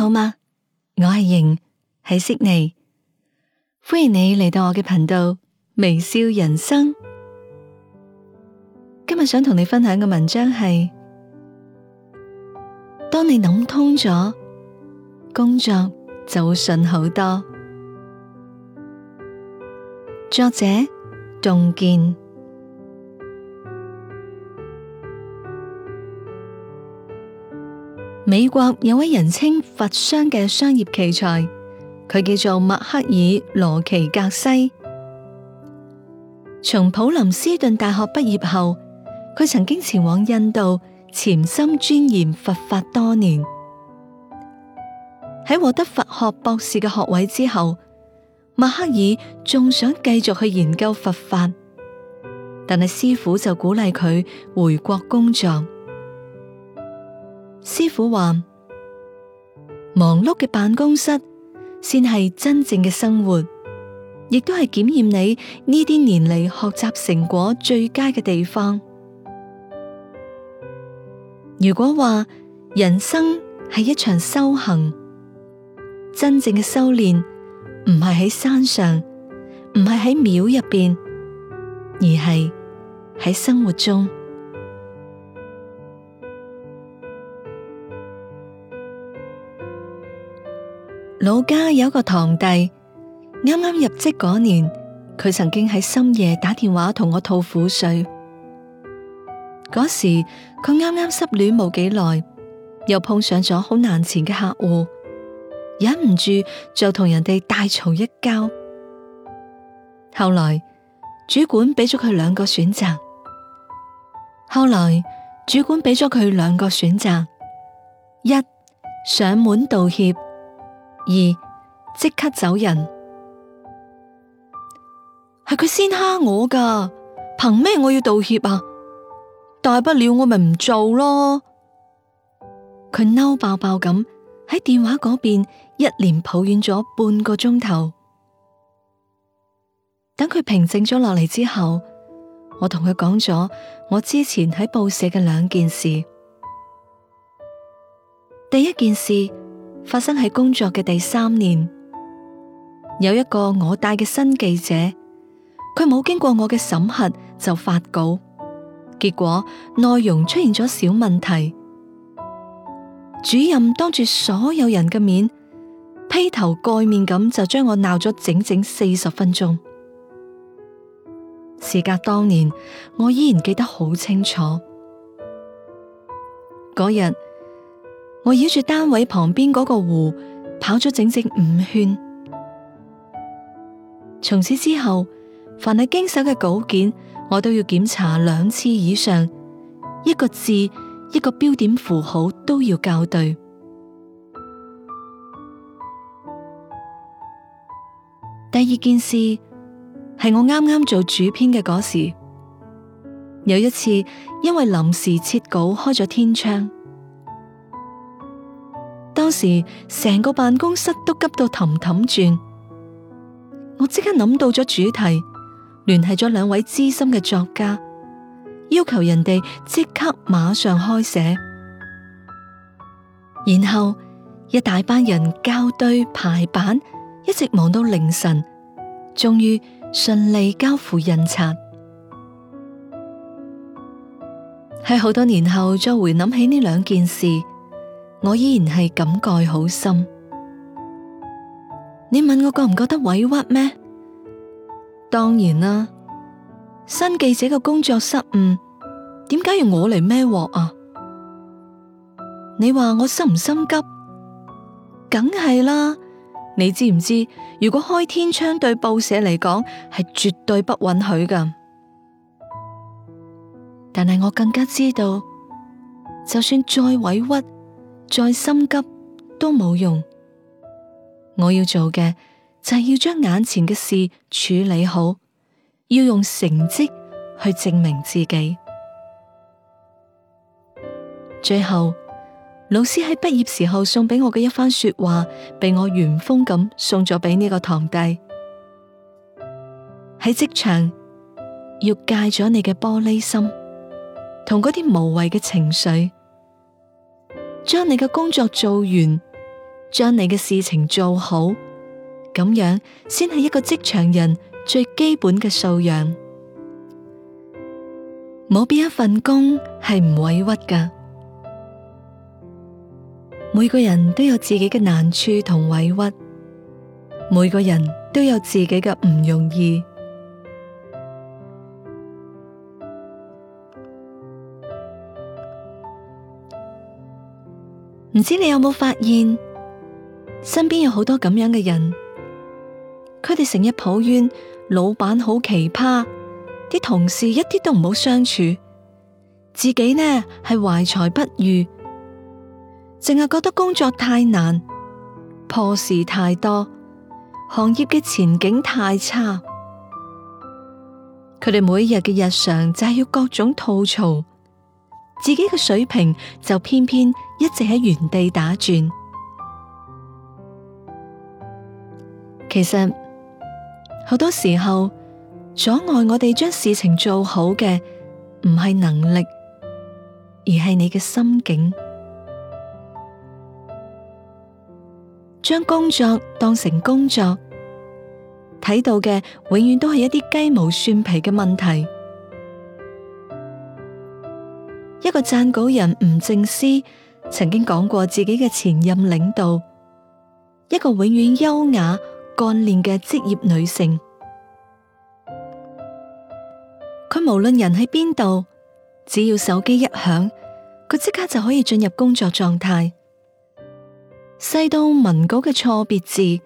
好嗎？我係瑩，喺悉尼，歡迎你嚟到我嘅頻道微笑人生。今日想同你分享嘅文章係：當你諗通咗，工作就會順好多。作者仲健。美國有位人稱佛商嘅商業奇才，佢叫做邁克爾·羅奇格西。從普林斯頓大學畢業後，佢曾經前往印度潛心鑽研佛法多年。喺獲得佛學博士嘅學位之後，邁克爾仲想繼續去研究佛法，但係師父就鼓勵佢回國工作。師傅話：忙碌嘅辦公室先係真正嘅生活，亦都係檢驗你呢啲年嚟學習成果最佳嘅地方。如果話人生係一場修行，真正嘅修煉唔係喺山上，唔係喺廟入邊，而係喺生活中。老家有一個堂弟，啱啱入職嗰年，佢曾經喺深夜打電話同我吐苦水。嗰時佢啱啱失戀冇幾耐，又碰上咗好難纏嘅客戶，忍唔住就同人哋大嘈一交。後來主管俾咗佢兩個選擇。後來主管俾咗佢兩個選擇：一、上門道歉。二、即刻走人，係佢先蝦我噶，憑咩我要道歉啊？大不了我咪唔做咯。佢嬲爆爆咁喺電話嗰邊一連抱怨咗半個鐘頭。等佢平靜咗落嚟之後，我同佢講咗我之前喺報社嘅兩件事。第一件事。發生喺工作嘅第三年，有一個我帶嘅新記者，佢冇經過我嘅審核就發稿，結果內容出現咗小問題。主任當住所有人嘅面，披頭蓋面咁就將我鬧咗整整四十分鐘。事隔多年，我依然記得好清楚嗰日，我繞住單位旁邊嗰個湖跑咗整整五圈。從此之後，凡係經手嘅稿件，我都要檢查兩次以上，一個字、一個標點符號都要校對。第二件事係我啱啱做主編嘅嗰時，有一次因為臨時撤稿，開咗天窗。時，成個辦公室都急到氹氹轉，我即刻諗到咗主題，聯繫咗兩位資深嘅作家，要求人哋即刻馬上開寫，然後一大班人校對排版，一直忙到凌晨，終於順利交付印刷。喺好多年後再回諗起呢兩件事。我依然係感慨好深。你問我覺唔覺得委屈咩？當然啦，新記者嘅工作失誤，點解要我嚟孭鑊啊？你話我心唔心急？梗係啦。你知唔知？如果開天窗對報社嚟講係絕對不允許㗎。但係我更加知道，就算再委屈。再心急都冇用，我要做嘅就係要將眼前嘅事處理好，要用成績去證明自己。最後，老師喺畢業時候送俾我嘅一番說話，被我原封咁送咗俾呢個堂弟。喺職場要戒咗你嘅玻璃心，同嗰啲無謂嘅情緒。將你嘅工作做完，將你嘅事情做好，咁樣先係一個職場人最基本嘅素養。冇邊一份工係唔委屈㗎，每個人都有自己嘅難處同委屈，每個人都有自己嘅唔容易。唔知你有冇發現，身邊有好多咁樣嘅人，佢哋成日抱怨老闆好奇葩，啲同事一啲都唔好相處，自己呢係懷才不遇，淨係覺得工作太難，破事太多，行業嘅前景太差，佢哋每日嘅日常就係要各種吐槽，自己嘅水平就偏偏。一直喺原地打轉。其實好多時候，阻礙我哋將事情做好嘅，唔係能力，而係你嘅心境。將工作當成工作，睇到嘅永遠都係一啲雞毛蒜皮嘅問題。一個撰稿人，吳正思曾經講過自己嘅前任領導，一個永遠優雅幹練嘅職業女性。佢無論人喺邊度，只要手機一響，佢即刻就可以進入工作狀態。細到文稿嘅錯別字，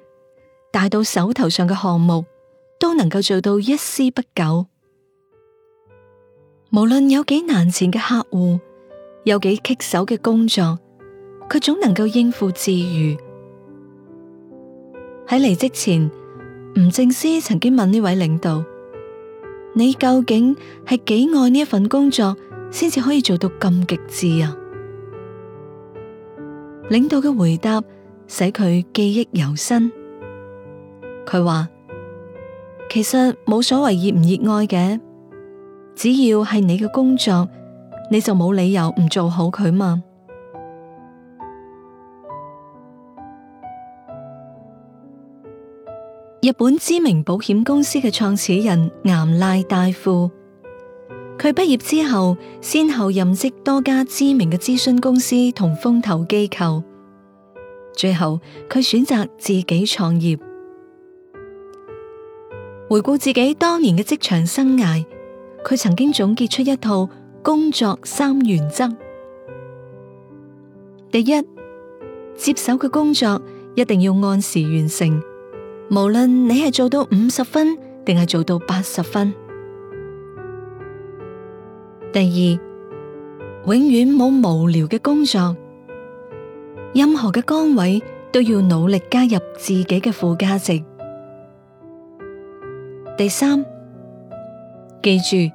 大到手頭上嘅項目，都能夠做到一絲不苟。無論有幾難纏嘅客戶。有幾棘手嘅工作，佢總能夠應付自如。喺離職前，吳正詩曾經問呢位領導：你究竟係幾愛呢一份工作，先至可以做到咁極致啊？領導嘅回答使佢記憶猶新。佢話：其實冇所謂熱唔熱愛嘅，只要係你嘅工作。你就冇理由唔做好佢嘛？日本知名保險公司嘅創始人岩瀨大富，佢畢業之後先後任職多家知名嘅諮詢公司同風投機構，最後佢選擇自己創業。回顧自己當年嘅職場生涯，佢曾經總結出一套工作三原則：第一，接手嘅工作一定要按時完成，無論你係做到五十分定係做到八十分。第二，永遠冇無聊嘅工作，任何嘅崗位都要努力加入自己嘅附加值。第三，記住。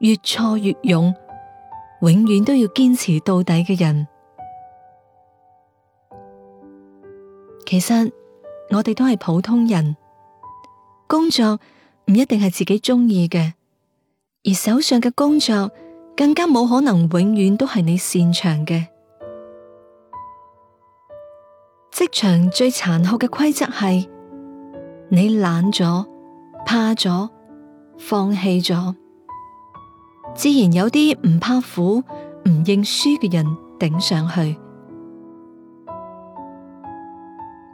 越挫越勇，永遠都要堅持到底嘅人。其實我哋都係普通人，工作唔一定係自己中意嘅，而手上嘅工作更加冇可能永遠都係你擅長嘅。職場最殘酷嘅規則係，你懶咗、怕咗、放棄咗。自然有啲唔怕苦、唔認輸嘅人頂上去。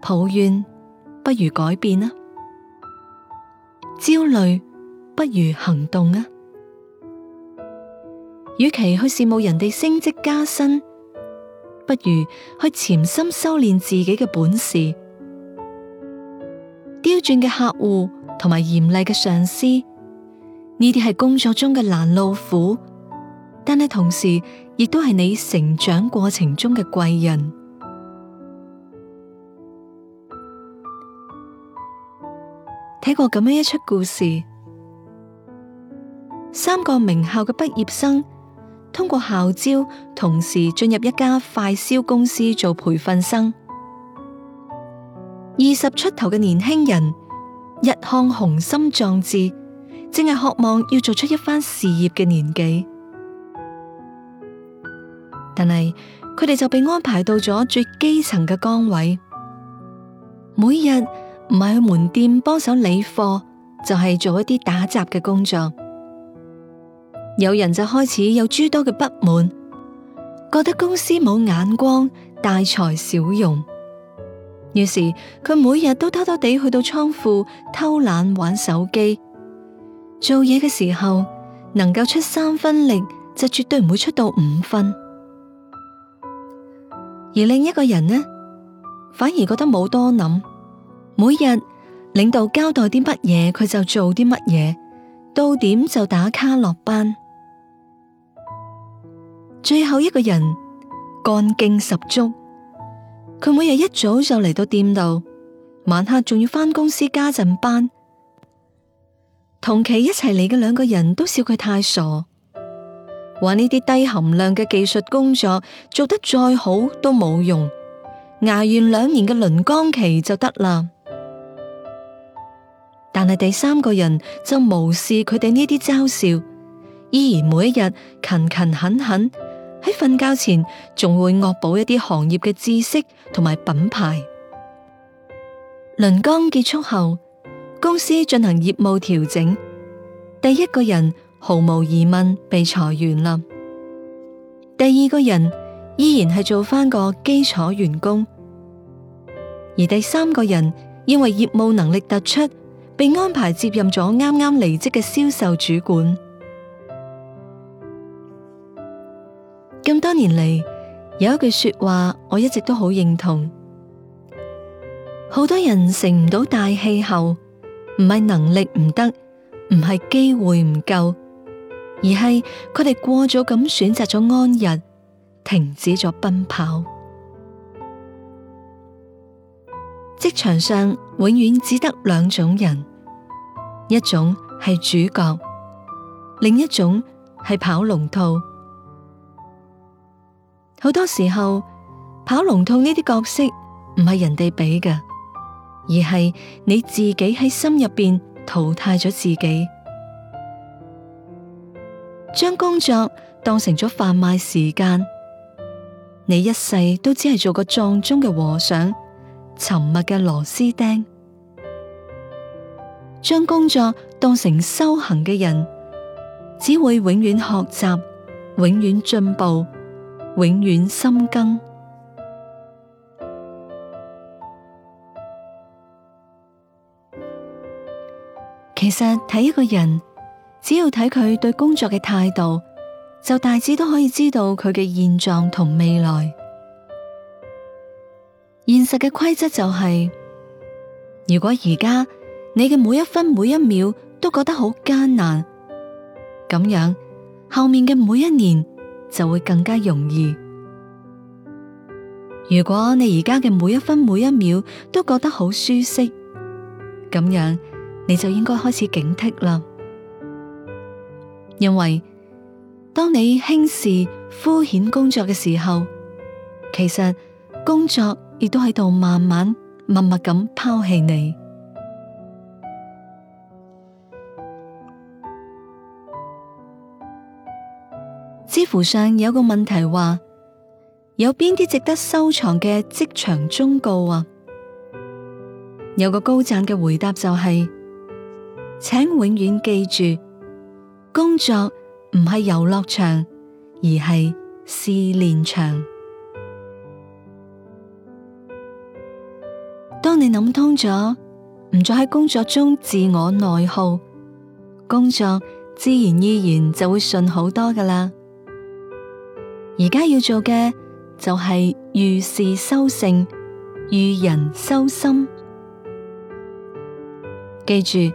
抱怨不如改變啊，焦慮不如行動啊。與其去羨慕人哋升職加薪，不如去潛心修煉自己嘅本事。刁鑽嘅客戶同埋嚴厲嘅上司。呢啲係工作中嘅攔路虎，但係同時亦都係你成長過程中嘅貴人。睇過咁樣一出故事，三個名校嘅畢業生通過校招，同時進入一家快消公司做培訓生。二十出頭嘅年輕人，一腔雄心壯志。正係渴望要做出一番事業嘅年紀，但係佢哋就被安排到咗最基層嘅崗位，每日唔係去門店幫手理貨，就係做一啲打雜嘅工作。有人就開始有諸多嘅不滿，覺得公司冇眼光，大材小用。於是佢每日都偷偷地去到倉庫偷懶玩手機。做嘢嘅時候，能夠出三分力就絕對唔會出到五分。而另一個人呢，反而覺得冇多諗，每日領導交代啲乜嘢，佢就做啲乜嘢，到點就打卡落班。最後一個人幹勁十足，佢每日一早就嚟到店度，晚黑仲要返公司加陣班。同期一齊嚟嘅兩個人都笑佢太傻，話呢啲低含量嘅技術工作做得再好都冇用，挨完兩年嘅輪崗期就得啦。但係第三個人就無視佢哋呢啲嘲笑，依然每一日勤勤懇懇，喺瞓覺前仲會惡補一啲行業嘅知識同埋品牌。輪崗結束後，公司進行業務調整，第一個人毫無疑問被裁員啦。第二個人依然係做翻個基礎員工，而第三個人因為業務能力突出，被安排接任咗啱啱離職嘅銷售主管。咁多年嚟，有一句說話我一直都好認同，好多人成唔到大氣候，唔係能力唔得，唔係機會唔夠，而係佢哋過咗咁選擇咗安逸，停止咗奔跑。職場上永遠只得兩種人，一種係主角，另一種係跑龍套。好多時候，跑龍套呢啲角色唔係人哋俾嘅。而係你自己喺心入邊淘汰咗自己，將工作當成咗販賣時間，你一世都只係做個撞鐘嘅和尚、沉默嘅螺絲釘。將工作當成修行嘅人，只會永遠學習、永遠進步、永遠深耕。其實睇，一個人，只要睇佢對工作嘅態度，就大致都可以知道佢嘅現狀同未來。現實嘅規則就係，如果而家你嘅每一分每一秒都覺得好艱難，咁樣後面嘅每一年就會更加容易。如果你而家嘅每一分每一秒都覺得好舒適，咁樣。你就應該開始警惕啦，因為當你輕視、敷衍工作嘅時候，其實工作亦都喺度慢慢、默默咁拋棄你。知 乎上有個問題話：有邊啲值得收藏嘅職場忠告啊？有個高贊嘅回答就係、是。請永遠記住，工作唔係遊樂場，而係試煉場。當你諗通咗，唔再喺工作中自我內耗，工作自然依然就會順好多噶啦。而家要做嘅就係遇事修性，遇人修心。記住。